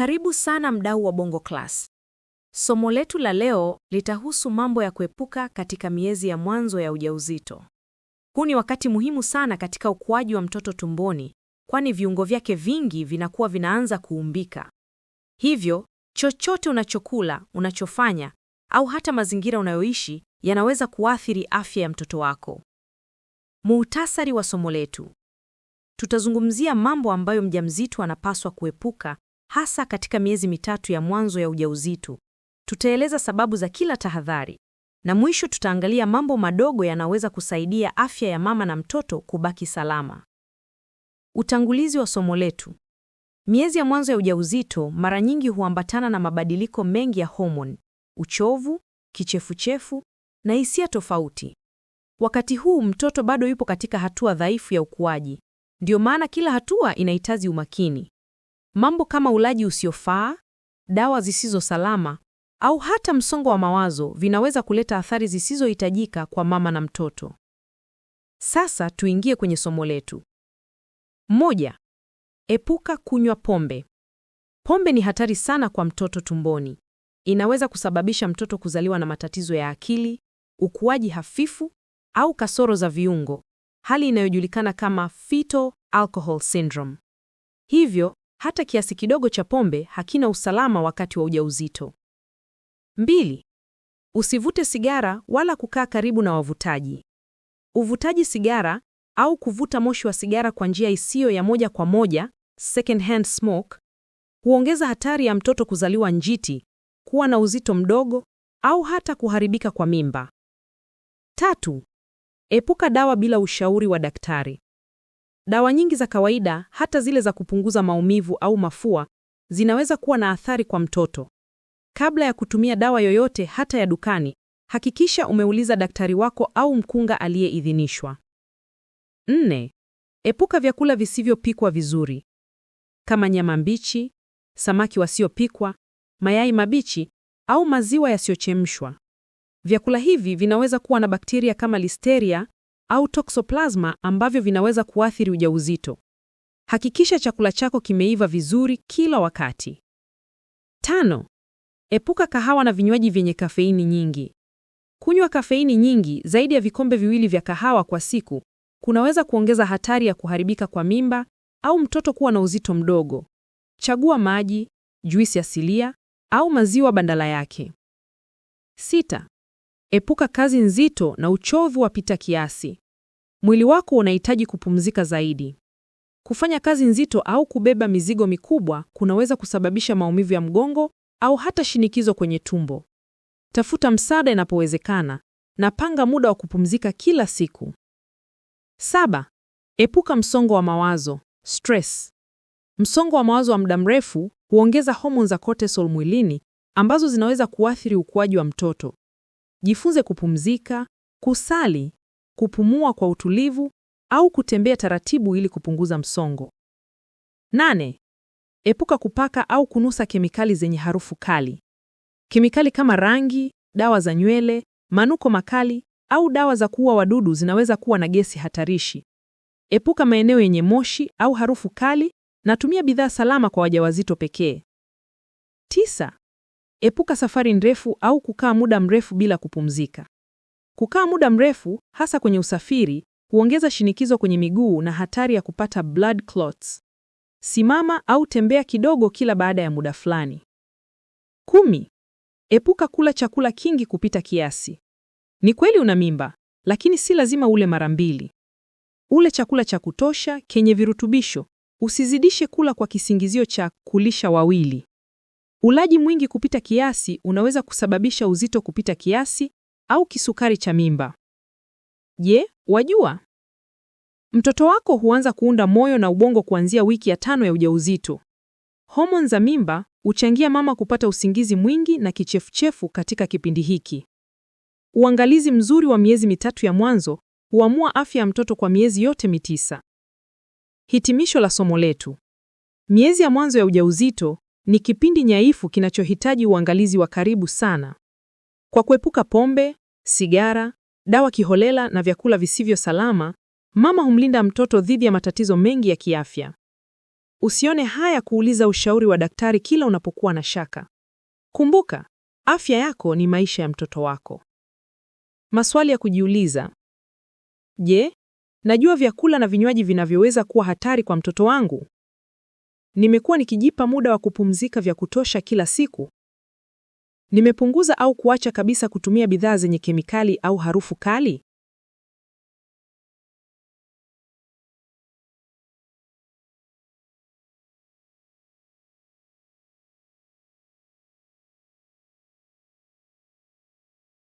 Karibu sana mdau wa Bongo Class. Somo letu la leo litahusu mambo ya kuepuka katika miezi ya mwanzo ya ujauzito. Huu ni wakati muhimu sana katika ukuaji wa mtoto tumboni, kwani viungo vyake vingi vinakuwa vinaanza kuumbika. Hivyo, chochote unachokula, unachofanya au hata mazingira unayoishi yanaweza kuathiri afya ya mtoto wako. Muhtasari wa somo letu. Tutazungumzia mambo ambayo mjamzito anapaswa kuepuka hasa katika miezi mitatu ya mwanzo ya ujauzito. Tutaeleza sababu za kila tahadhari na mwisho tutaangalia mambo madogo yanaweza kusaidia afya ya mama na mtoto kubaki salama. Utangulizi wa somo letu. Miezi ya mwanzo ya ujauzito mara nyingi huambatana na mabadiliko mengi ya homoni, uchovu, kichefuchefu na hisia tofauti. Wakati huu mtoto bado yupo katika hatua dhaifu ya ukuaji, ndiyo maana kila hatua inahitaji umakini. Mambo kama ulaji usiofaa, dawa zisizo salama au hata msongo wa mawazo vinaweza kuleta athari zisizohitajika kwa mama na mtoto. Sasa tuingie kwenye somo letu. Moja, epuka kunywa pombe. Pombe ni hatari sana kwa mtoto tumboni. Inaweza kusababisha mtoto kuzaliwa na matatizo ya akili, ukuaji hafifu au kasoro za viungo, hali inayojulikana kama fetal alcohol syndrome. Hivyo hata kiasi kidogo cha pombe hakina usalama wakati wa ujauzito. Mbili, usivute sigara wala kukaa karibu na wavutaji. Uvutaji sigara au kuvuta moshi wa sigara kwa njia isiyo ya moja kwa moja, second hand smoke, huongeza hatari ya mtoto kuzaliwa njiti, kuwa na uzito mdogo au hata kuharibika kwa mimba. Tatu, epuka dawa bila ushauri wa daktari. Dawa nyingi za kawaida, hata zile za kupunguza maumivu au mafua, zinaweza kuwa na athari kwa mtoto. Kabla ya kutumia dawa yoyote, hata ya dukani, hakikisha umeuliza daktari wako au mkunga aliyeidhinishwa. Nne, epuka vyakula visivyopikwa vizuri kama nyama mbichi, samaki wasiopikwa, mayai mabichi au maziwa yasiyochemshwa. Vyakula hivi vinaweza kuwa na bakteria kama Listeria au toxoplasma ambavyo vinaweza kuathiri ujauzito. Hakikisha chakula chako kimeiva vizuri kila wakati. Tano, epuka kahawa na vinywaji vyenye kafeini nyingi. Kunywa kafeini nyingi zaidi ya vikombe viwili vya kahawa kwa siku kunaweza kuongeza hatari ya kuharibika kwa mimba au mtoto kuwa na uzito mdogo. Chagua maji, juisi asilia au maziwa badala yake. Sita, Epuka kazi nzito na uchovu wa pita kiasi. Mwili wako unahitaji kupumzika zaidi. Kufanya kazi nzito au kubeba mizigo mikubwa kunaweza kusababisha maumivu ya mgongo au hata shinikizo kwenye tumbo. Tafuta msaada inapowezekana na panga muda wa kupumzika kila siku. Saba, epuka msongo wa mawazo stress. Msongo wa mawazo wa muda mrefu huongeza homoni za cortisol mwilini ambazo zinaweza kuathiri ukuaji wa mtoto. Jifunze kupumzika, kusali, kupumua kwa utulivu au kutembea taratibu ili kupunguza msongo. Nane, epuka kupaka au kunusa kemikali zenye harufu kali. Kemikali kama rangi, dawa za nywele, manuko makali au dawa za kuua wadudu zinaweza kuwa na gesi hatarishi. Epuka maeneo yenye moshi au harufu kali na tumia bidhaa salama kwa wajawazito pekee. Tisa, Epuka safari ndefu au kukaa muda mrefu bila kupumzika. Kukaa muda mrefu, hasa kwenye usafiri, huongeza shinikizo kwenye miguu na hatari ya kupata blood clots. Simama au tembea kidogo kila baada ya muda fulani. Kumi, epuka kula chakula kingi kupita kiasi. Ni kweli una mimba, lakini si lazima ule mara mbili. Ule chakula cha kutosha kenye virutubisho. Usizidishe kula kwa kisingizio cha kulisha wawili. Ulaji mwingi kupita kiasi unaweza kusababisha uzito kupita kiasi au kisukari cha mimba. Je, wajua? Mtoto wako huanza kuunda moyo na ubongo kuanzia wiki ya tano ya ujauzito. Homoni za mimba huchangia mama kupata usingizi mwingi na kichefuchefu katika kipindi hiki. Uangalizi mzuri wa miezi mitatu ya mwanzo huamua afya ya mtoto kwa miezi yote mitisa. Hitimisho la somo letu. Miezi ya mwanzo ya ujauzito ni kipindi nyaifu kinachohitaji uangalizi wa karibu sana. Kwa kuepuka pombe, sigara, dawa kiholela na vyakula visivyo salama, mama humlinda mtoto dhidi ya matatizo mengi ya kiafya. Usione haya kuuliza ushauri wa daktari kila unapokuwa na shaka. Kumbuka, afya yako ni maisha ya mtoto wako. Maswali ya kujiuliza: Je, najua vyakula na vinywaji vinavyoweza kuwa hatari kwa mtoto wangu? Nimekuwa nikijipa muda wa kupumzika vya kutosha kila siku. Nimepunguza au kuacha kabisa kutumia bidhaa zenye kemikali au harufu kali.